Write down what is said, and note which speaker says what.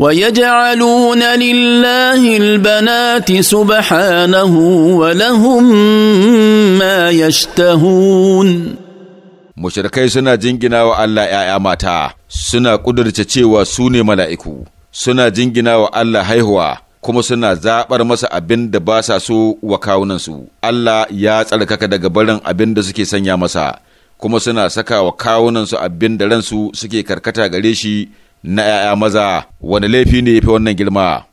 Speaker 1: Wa ويجعلون لله البنات سبحانه
Speaker 2: ولهم ما يشتهون Mushirikai suna jingina wa Allah ‘ya'ya mata, suna ƙudurce cewa su ne mala'iku, suna jingina wa Allah haihuwa, kuma suna zaɓar masa abin da ba sa so wa kawunansu. Allah ya tsarkaka daga barin abin da suke sanya masa, kuma suna saka wa kawunansu abin da ransu suke karkata gare shi na ‘ya'ya maza wani laifi ne ya fi wannan girma